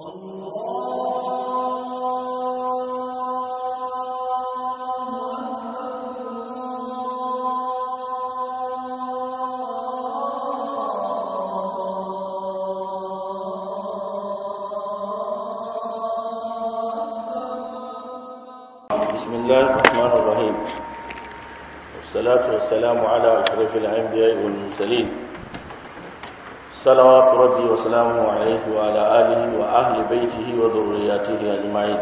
بسم الله الرحمن الرحيم والصلاة والسلام على أشرف الأنبياء والمرسلين صلوات ربي وسلامه عليه وعلى آله وأهل بيته وذرياته أجمعين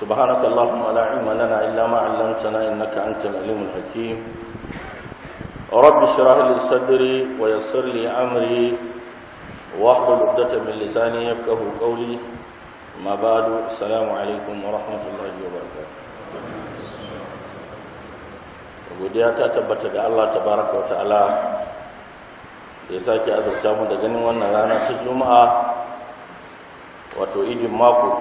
سبحانك اللهم لا علم لنا إلا ما علمتنا إنك أنت العليم الحكيم رب اشرح لي صدري ويسر لي أمري واحلل عقدة من لساني يفقه قولي ما بعد السلام عليكم ورحمة الله وبركاته godiya ta tabbata ga Allah tabaraka wa ta'ala ya sake azurta mu da ganin wannan rana ta juma'a wato idin mako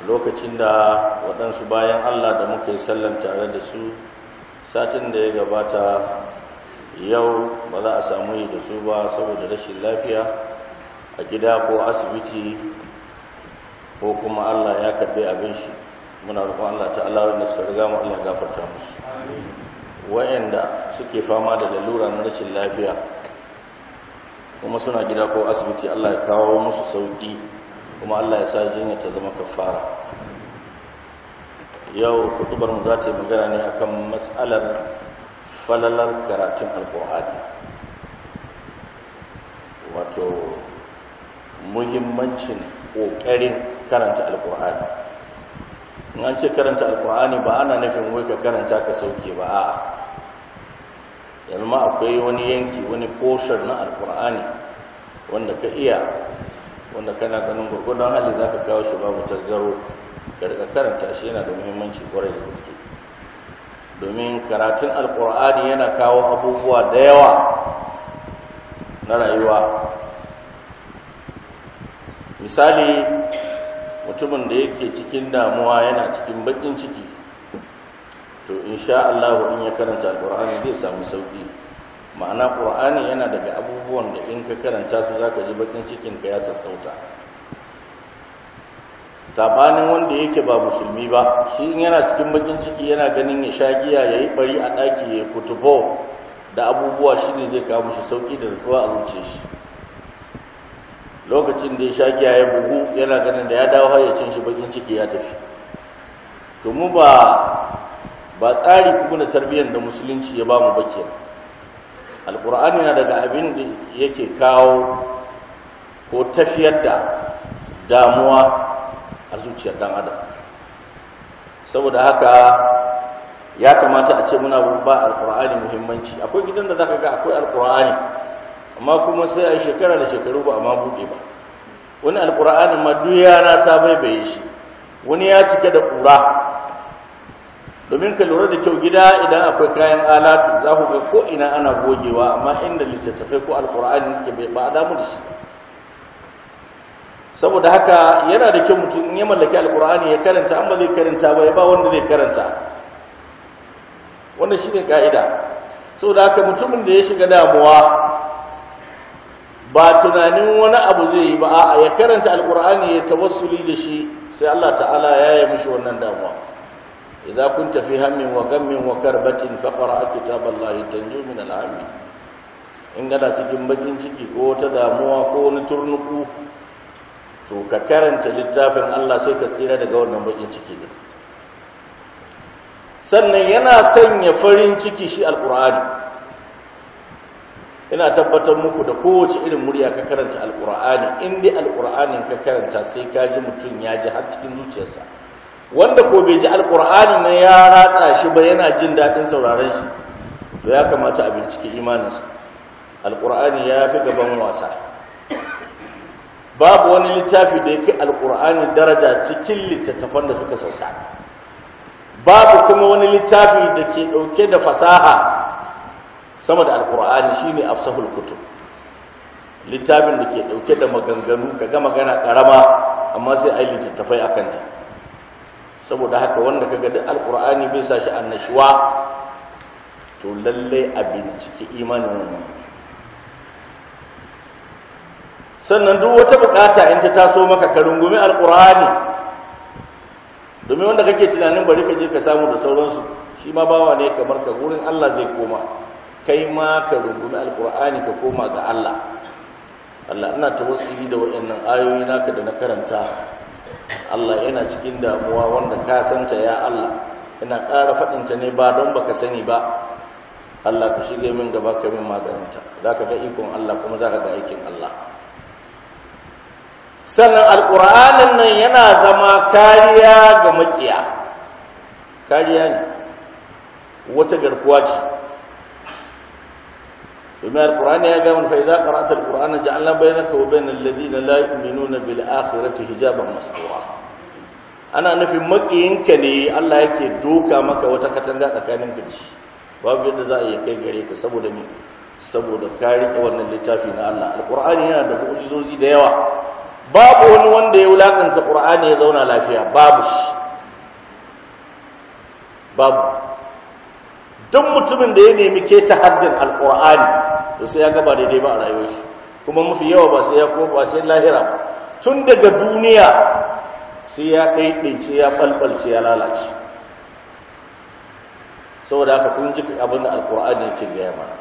a lokacin da waɗansu bayan allah da muke yi sallan tare da su satin da ya gabata yau ba za a samu yi da su ba saboda rashin lafiya a gida ko asibiti ko kuma allah ya karɓi abin shi muna roƙon allah ta allah wanda suka riga mu allah gafarta musu wa'anda suke fama da lalura na rashin lafiya kuma suna gida ko asibiti Allah ya kawo musu sauki kuma Allah ya sa jinya ta zama kafara yau kutubar mu za ta magana ne akan matsalar falalar karatun alkur'ani wato muhimmancin ƙoƙarin karanta alkur'ani in an ce karanta alkur'ani ba ana nufin wai ka karanta ka sauke ba a'a yanzu ma akwai wani yanki wani portion na alkur'ani wanda ka iya wanda kana ganin gurgudan hali za ka kawo shi babu tasgaro ka daga karanta shi yana da muhimmanci kwarai da gaske domin karatun alkur'ani yana kawo abubuwa da yawa na rayuwa misali mutumin da yake cikin damuwa yana cikin baƙin ciki to in sha Allah in ya karanta alqur'ani zai samu sauki ma'ana qur'ani yana daga abubuwan da in ka karanta su zaka ji bakin cikin ka ya sassauta sabanin wanda yake ba musulmi ba shi in yana cikin bakin ciki yana ganin ya sha giya yayi bari a daki ya kutubo da abubuwa shi ne zai kawo shi sauki da nutsuwa a zuce shi lokacin da ya sha giya ya bugu yana ganin da ya dawo hayyacin shi bakin ciki ya tafi to mu ba ba tsari kuma na tarbiyyar da musulunci ya bamu ba kenan na daga abin da yake kawo ko tafiyar da damuwa a zuciyar dan adam saboda haka ya kamata a ce muna ba alkur'ani muhimmanci akwai gidan da zaka ga akwai alkur'ani amma kuma sai a shekara da shekaru ba a ma buɗe ba wani alkur'ani ma duk yana ta baibaye shi wani ya cike da ƙura domin ka lura da kyau gida idan akwai kayan alatu za ku ga ko ina ana gogewa amma inda littattafai ko alkur'ani ke bai ba damu da shi saboda haka yana da kyau mutum in ya mallaki alkur'ani ya karanta an zai karanta ba ya ba wanda zai karanta wannan shine ka'ida saboda haka mutumin da ya shiga damuwa ba tunanin wani abu zai yi ba a'a ya karanta alkur'ani ya tawassuli da shi sai Allah ta'ala ya yi mishi wannan damuwa idza kunta fi hammin wa gammin wa karbatin faqra kitaballahi tanju min al'ami in gada cikin bakin ciki ko ta damuwa ko wani turnuku to ka karanta littafin Allah sai ka tsira daga wannan bakin ciki din sannan yana sanya farin ciki shi alqur'ani ina tabbatar muku da kowace irin murya ka karanta alqur'ani in dai alqur'anin ka karanta sai ka ji mutum ya ji har cikin zuciyarsa wanda ko bai ji alkur'ani na ya ratsa shi ba yana jin daɗin sauraron shi to ya kamata a binciki imaninsa alkur'ani ya fi gaban wasa babu wani littafi da ya alkur'ani daraja cikin littattafan da suka sauka babu kuma wani littafi da ke ɗauke da fasaha sama da alkur'ani shine afsahul kutub littafin da ke ɗauke da maganganu ka gama magana ƙarama amma sai a yi littattafai a kanta saboda haka wanda ka gadi alkur'ani bai sa shi annashuwa to lallai a binciki imanin wannan sannan duk wata bukata in ta taso maka ka rungumi alkur'ani domin wanda kake tunanin bari ka je ka samu da sauransu shi ma bawa ne kamar ka wurin Allah zai koma kai ma ka rungumi alkur'ani ka koma ga Allah Allah ina yi da waɗannan ayoyi naka da na karanta Allah yana cikin damuwa wanda ka santa ya Allah ina ƙara faɗinta ne ba don baka sani ba Allah ka shige min gaba ka min maganinta za ka ga ikon Allah kuma za ka ga aikin Allah sannan alƙur'anin nan yana zama kariya ga maƙiya kariya ne wata garkuwa ce domin alkur'ani ya gaban fa idza qara'ta alqur'ana ja'alna bainaka wa bainal ladina la yu'minuna bil akhirati hijaban mastura ana nufin makiyinka ne Allah yake doka maka wata katanga tsakanin ka ci babu yadda za a yi kai gare ka saboda me saboda ka rike wannan littafi na Allah alqur'ani yana da mu'jizozi da yawa babu wani wanda ya wulakanta qur'ani ya zauna lafiya babu babu duk mutumin da ya nemi keta haddin alkur'ani to sai ya gaba daidai ba a rayuwa shi kuma mafi yawa ba sai ya koma sai lahira tun daga duniya sai ya ɗaiɗaice ya ɓalɓalce ya lalace saboda aka kun ji abin da alkur'ani yake gaya mana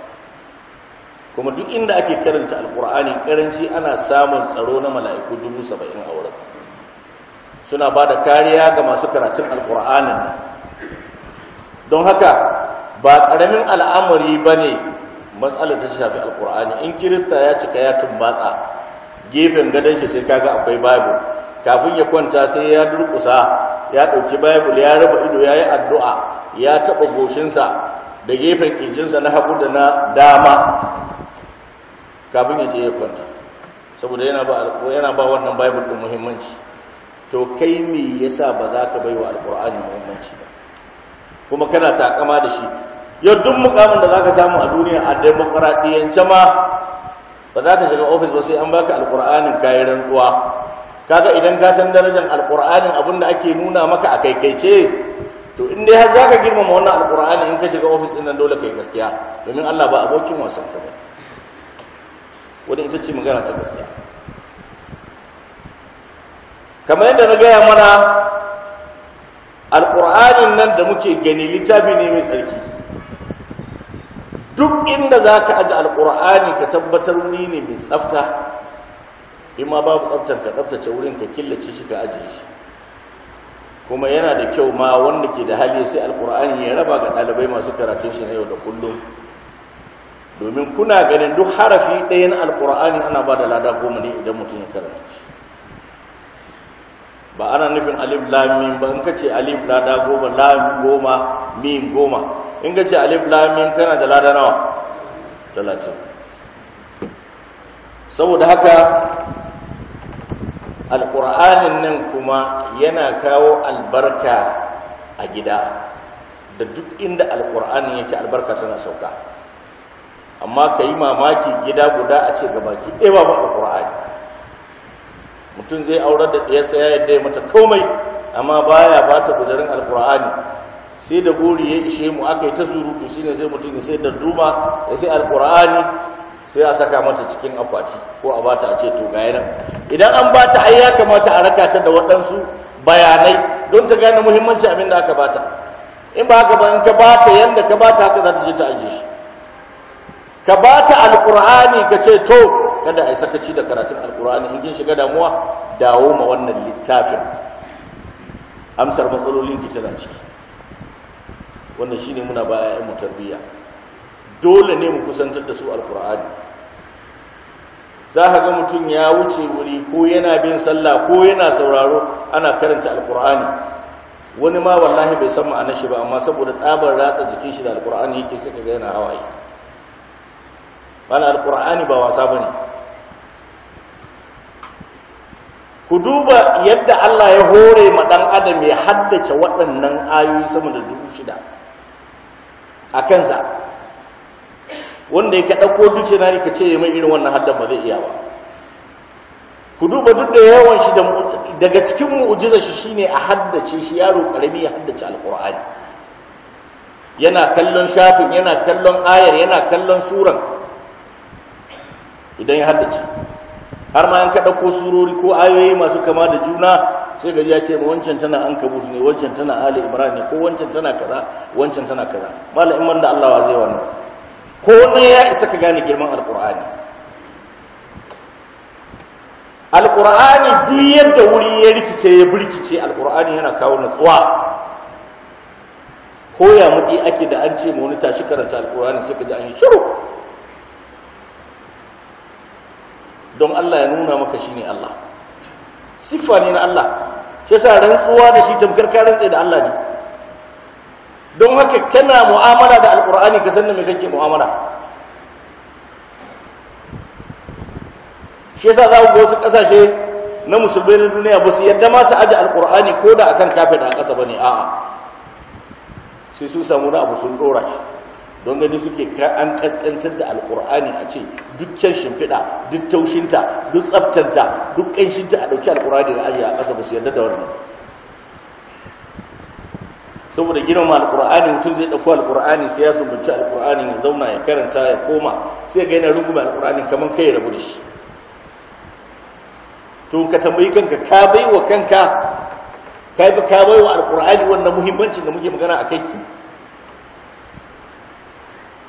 kuma duk inda ake karanta alkur'ani karanci ana samun tsaro na mala'iku dubu saba'in a wurin suna ba da kariya ga masu karatun alkur'anin nan don haka ba karamin al'amari ba ne matsalar ta shafi alkur'ani in kirista ya cika ya tumbatsa gefen gadon shi sai kaga akwai bible kafin ya kwanta sai ya durkusa ya ɗauki bible ya raba ido ya yi addu'a ya taɓa goshinsa da gefen ƙirjinsa na hagu da na dama kafin ya je ya kwanta saboda yana ba yana ba wannan bible din muhimmanci to kai me yasa ba za ka bai wa alkur'ani muhimmanci ba kuma kana takama da shi yau duk mukamin da za ka samu a duniya a demokaraɗiyyance ma ba za ka shiga ofis ba sai an baka alƙur'anin kayan rantsuwa kaga idan ka san darajar alƙur'anin abin da ake nuna maka a kaikaice to in dai har za ka girmama wannan alƙur'ani in ka shiga ofis ɗin nan dole kai gaskiya domin allah ba abokin wasan ka ba wani ita ce magana ta gaskiya kamar yadda na gaya mana alƙur'anin nan da muke gani littafi ne mai tsarki duk inda za ka aji alƙur'ani ka tabbatar wuri ne mai tsafta in ma babu tsaftar ka tsaftace wurin ka killace shi ka ajiye shi kuma yana da kyau ma wanda ke da hali sai alƙur'ani ya raba ga ɗalibai masu karatun shi na yau da kullum domin kuna ganin duk harafi ɗayan na alƙur'ani ana ba da lada goma ne idan mutum ya karanta shi ba ana nufin alif lamin ba in ka ce alif lada goma lam goma mim goma in ka ce alif lamin kana da lada nawa talatin saboda haka alƙur'anin nan kuma yana kawo albarka a gida da duk inda alƙur'anin yake albarka tana sauka amma ka yi mamaki gida guda a ce gabaki ɗaya ba alƙur'ani mutum zai aurar da ɗiyarsa ya yadda ya mata komai amma baya ba ta guzarin alkur'ani sai da gori ya ishe mu aka yi ta surutu shine sai mutum ya sai da duma ya sai alkur'ani sai a saka mata cikin akwati ko a bata a ce to ga nan idan an bata ai ya kamata a raka ta da waɗansu bayanai don ta gane muhimmanci abin da aka bata in ba haka ba in ka bata yanda ka bata haka za ta je ta aje shi ka bata alkur'ani ka ce to kada a yi sakaci da karatun alkur'ani in kin shiga damuwa dawo ma wannan littafin amsar matsalolin ki tana ciki wannan shine muna baya ƴaƴan mu tarbiyya dole ne mu kusantar da su alkur'ani za ka ga mutum ya wuce wuri ko yana bin sallah ko yana sauraro ana karanta alkur'ani wani ma wallahi bai san ma'anar shi ba amma saboda tsabar ratsa jikin shi da alkur'ani yake suka ga yana hawaye mana alkur'ani ba wasa ba ne ku duba yadda Allah ya hore ma dan adam ya haddace waɗannan ayoyi sama da dubu shida a kansa wanda ya ka ɗauko ne ka ce mai irin wannan haddan ba zai iya ba ku duba duk da yawan shi daga cikin mu'ujizar shi shine a haddace shi yaro karami ya haddace Alƙur'ani. yana kallon shafin yana kallon ayar yana kallon suran idan ya haddace har ma an kaɗa ko surori ko ayoyi masu kama da juna sai gaji ya ce ma wancan tana an kabus ne wancan tana ali ibrahim ne ko wancan tana kaza wancan tana kaza malam in wanda Allah zai wani ko ne ya isa ka gane girman alƙur'ani alƙur'ani duk yadda wuri ya rikice ya birkice alƙur'ani yana kawo natsuwa ko ya mutsi ake da an ce ma wani tashi karanta alƙur'ani sai ka ji an yi shiru don Allah ya nuna maka ne Allah siffa ne na Allah shi sa rantsuwa da shi tamkar ka rantse da Allah ne don haka kana mu'amala da alkur'ani ka san me kake mu'amala shi yasa za ku ga wasu kasashe na musulmai na duniya ba su yadda masu ajiye alkur'ani ko da akan kafin a ƙasa ne? a'a sai su samu na abu sun ɗora shi don gani suke an kaskantar da alkur'ani a ce dukkan shimfiɗa duk taushinta duk tsaftanta duk ƙanshinta a ɗauki alkur'ani da ajiye a ƙasa ba su yarda da wannan saboda gina ma alkur'ani mutum zai ɗauko alkur'ani sai ya sumbanci alkur'ani ya zauna ya karanta ya koma sai ga yana rubuta alkur'ani kamar kai ya rabu da shi to ka tambayi kanka ka bai wa kanka ka bai wa alkur'ani wannan muhimmancin da muke magana a kai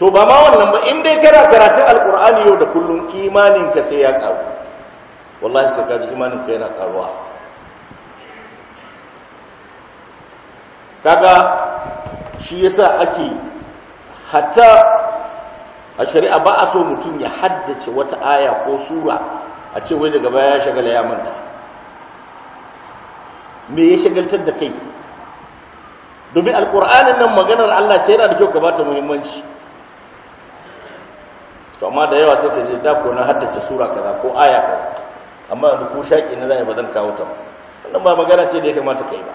to ba ma wannan ba in dai kana karatun alkur'ani yau da kullum imaninka sai ya karu wallahi sai ka imaninka yana karuwa kaga shi yasa ake hatta a shari'a ba a so mutum ya haddace wata aya ko sura a ce wai daga baya ya shagala ya manta me ya shagaltar da kai domin alƙur'anin nan maganar Allah ce yana da kyau ka bata muhimmanci to amma da yawa sai ka ji da ko na haddace sura kaza ko aya kaza amma yanzu ko shaƙi na zai ba zan kawo ta wannan ba magana ce da ya kamata kai ba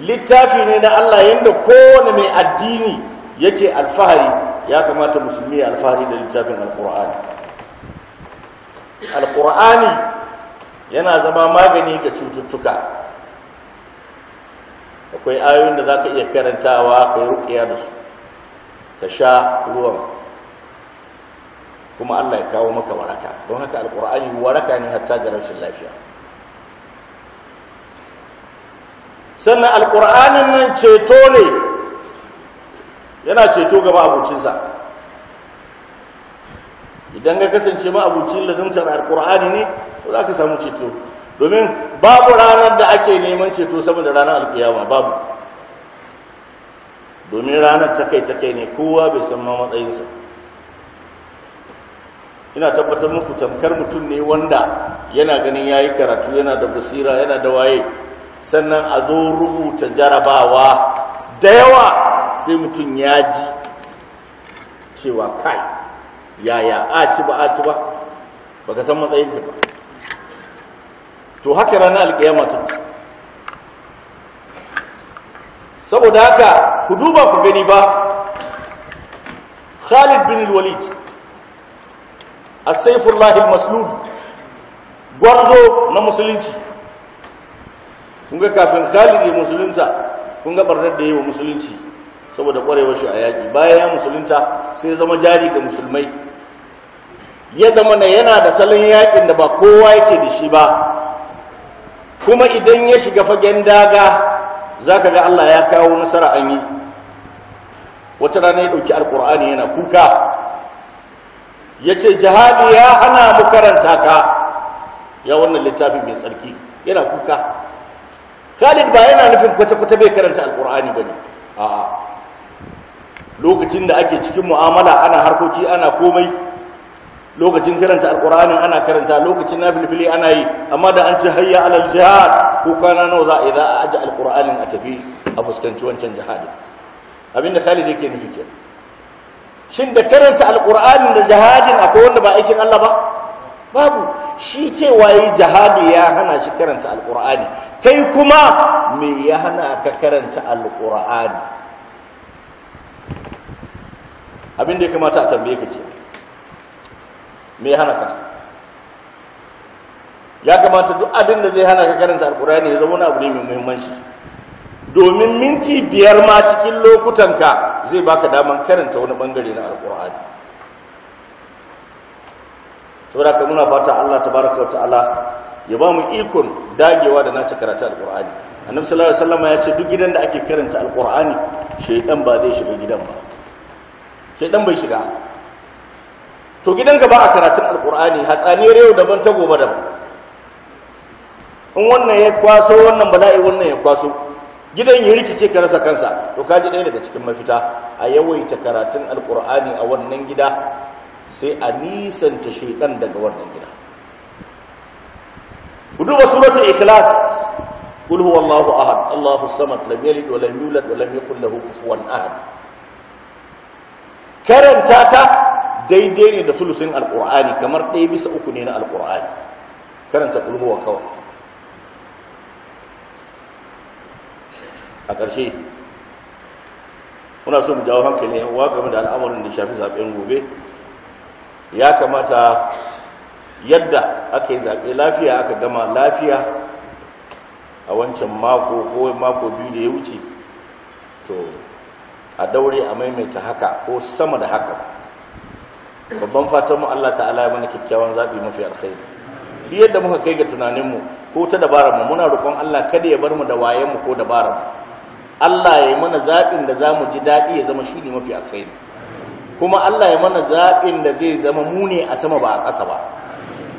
littafi ne na Allah yadda kowane mai addini yake alfahari ya kamata musulmi ya alfahari da littafin alkur'ani alkur'ani yana zama magani ga cututtuka akwai ayoyin da za ka iya karantawa ka rukiya da su ka sha ruwan kuma allah ya kawo maka waraka don haka alkur'ani waraka ne hatta ga rashin lafiya sannan alkur'anin nan ceto ne yana ceto gaba abucinsa idan ka kasance ma abucin lazimtar alkur'ani ne za ka samu ceto domin babu ranar da ake neman ceto saboda ranar alkiyama babu domin ranar takai-takai ne kowa bai san ma matsayinsa ina tabbatar muku tamkar mutum ne wanda yana ganin ya yi karatu yana da basira yana da waye sannan a zo rubuta jarabawa da yawa sai mutum ya ji cewa kai yaya a ci ba a ci ba baka san matsayin ba to haka ranar alkiyama ta saboda haka ku duba ku gani ba khalid bin walid a saifin al-maslul gwarzo na musulunci kun kafin khalid ya musulunta kun ga barnar da yi wa musulunci saboda ƙwarewa shi a yaƙi bayan ya musulunta sai zama jari ga musulmai ya zama na yana da salon yaƙin da ba kowa yake da shi ba kuma idan ya shiga fagen daga za ka ga Allah ya kawo nasara an yi wata rana ya ɗauki alkur'ani yana kuka ya ce jihadi ya hana mu karanta ka ya wannan littafin mai tsarki yana kuka khalid ba yana nufin kwata-kwata bai karanta alkur'ani ba ne a'a lokacin da ake cikin mu'amala ana harkoki ana komai lokacin karanta alkur'ani ana karanta lokacin nafilfili ana yi amma da an ce hayya alal jihad ko kana nawa za a yi za a aji a tafi a fuskanci wancan jihadin abinda khalid yake nufi ke shin da karanta alkur'anin da jihadin akwai wanda ba aikin Allah ba babu shi cewa yi jihadi ya hana shi karanta alkur'ani kai kuma me ya hana ka karanta alkur'ani abinda ya kamata a tambaye ka kenan me hana ka ya kamata duk abin da zai hana ka karanta alkurani ya zama wani abu ne mai muhimmanci domin minti biyar ma cikin lokutan ka zai baka daman karanta wani bangare na alkurani saboda ka muna fata Allah tabaraka wa ta'ala ya ba mu ikon dagewa da nace karatu alkur'ani annabi sallallahu alaihi wasallam ya ce duk gidan da ake karanta alkur'ani shaydan ba zai shiga gidan ba shaydan bai shiga to gidan gaba a karatun alkur'ani hatsaniyar yau daban ta gobe daban in wannan ya kwaso wannan bala'i wannan ya kwaso gidan ya rikice ka rasa kansa to ka ji ɗaya daga cikin mafita a yawaita karatun alkur'ani a wannan gida sai a nisanta shaidan daga wannan gida ku duba suratul ikhlas qul huwallahu ahad allahu samad lam yalid wa yulad wa yakul ahad karanta ta daidai ne da sulusin alkur'ani kamar ɗaya bisa uku ne na alkur'ani karanta kulhuwa kawai a ƙarshe muna so mu jawo hankali yan uwa game da al'amarin da shafi zaɓen gobe ya kamata yadda aka yi zaɓe lafiya aka gama lafiya a wancan mako ko mako biyu da ya wuce to a daure a maimaita haka ko sama da haka babban fatanmu Allah ta'ala ya mana kyakkyawan zabi mafi alkhairi bi yadda muka kai ga tunanin mu ko ta dabarar mu muna roƙon Allah kada ya bar mu da wayen mu ko dabarar mu Allah ya mana zabin da zamu ji daɗi ya zama shi ne mafi alkhairi kuma Allah ya mana zaɓin da zai zama mu ne a sama ba a ƙasa ba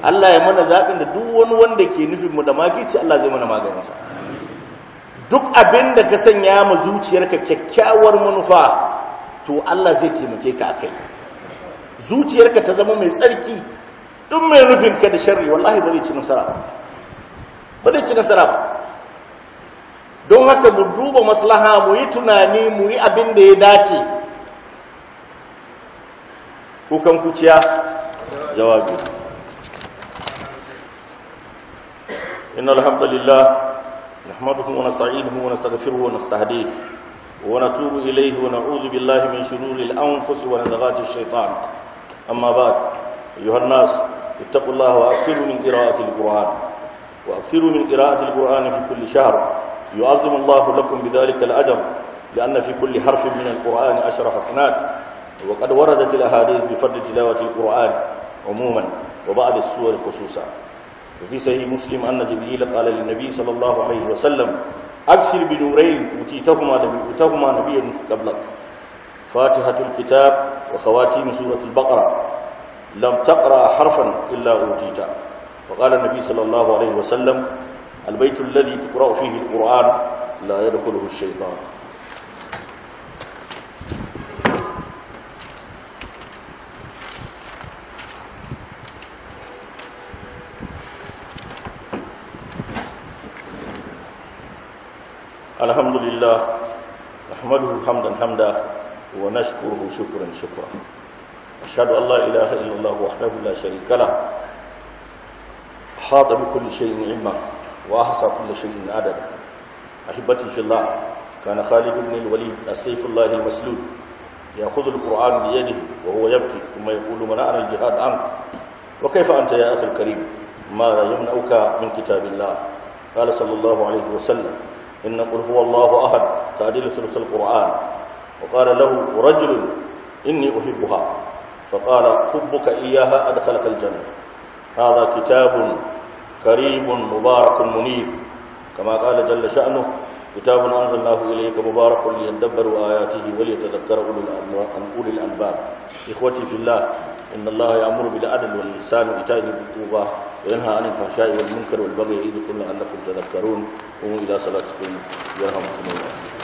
Allah ya mana zaɓin da duk wani wanda ke nufin mu da magici Allah zai mana maganin maganinsa duk abin da ka sanya ma zuciyarka kyakkyawar manufa to Allah zai taimake ka akai zuciyarka ta zama mai tsarki tun mai nufinka da sharri wallahi ba zai ci nasara ba ba zai ci nasara ba don haka mu duba maslaha mu yi tunani mu yi abin da ya dace kukan kuciya jawabi إن الحمد لله نحمده ونستعينه ونستغفره ونستهديه ونتوب إليه ونعوذ بالله من شرور الأنفس ونزغات الشيطان أما بعد أيها الناس اتقوا الله وأكثروا من قراءة القرآن وأكثروا من قراءة القرآن في كل شهر يعظم الله لكم بذلك الأجر لأن في كل حرف من القرآن عشر حسنات وقد وردت الأحاديث بفضل تلاوة القرآن عموما وبعض السور خصوصا وفي صحيح مسلم أن جبريل قال للنبي صلى الله عليه وسلم أكثر بنورين أوتيتهما نبي قبلك فاتحة الكتاب وخواتيم سورة البقرة لم تقرأ حرفا إلا أوتيتا وقال النبي صلى الله عليه وسلم البيت الذي تقرأ فيه القرآن لا يدخله الشيطان الحمد لله نحمده حمدا حمدا ونشكره شكرا شكرا أشهد أن لا إله إلا الله وحده لا شريك له حاط بكل شيء علما وأحصى كل شيء عددا أحبتي في الله كان خالد بن الوليد السيف الله المسلول يأخذ القرآن بيده وهو يبكي ثم يقول منعنا الجهاد عنك وكيف أنت يا أخي الكريم ماذا يمنعك من كتاب الله قال صلى الله عليه وسلم إن قل هو الله أحد تعديل ثلث القرآن وقال له رجل إني أحبها فقال حبك إياها أدخلك الجنة هذا كتاب كريم مبارك منيب كما قال جل شأنه كتاب أنزلناه إليك مبارك ليدبروا آياته وليتذكر أولي الألباب إخوتي في الله إن الله يأمر بالعدل والإحسان وإيتاء ذي القربى وينهى عن الفحشاء والمنكر والبغي يعظكم لعلكم تذكرون قوموا إلى صلاتكم يرحمكم الله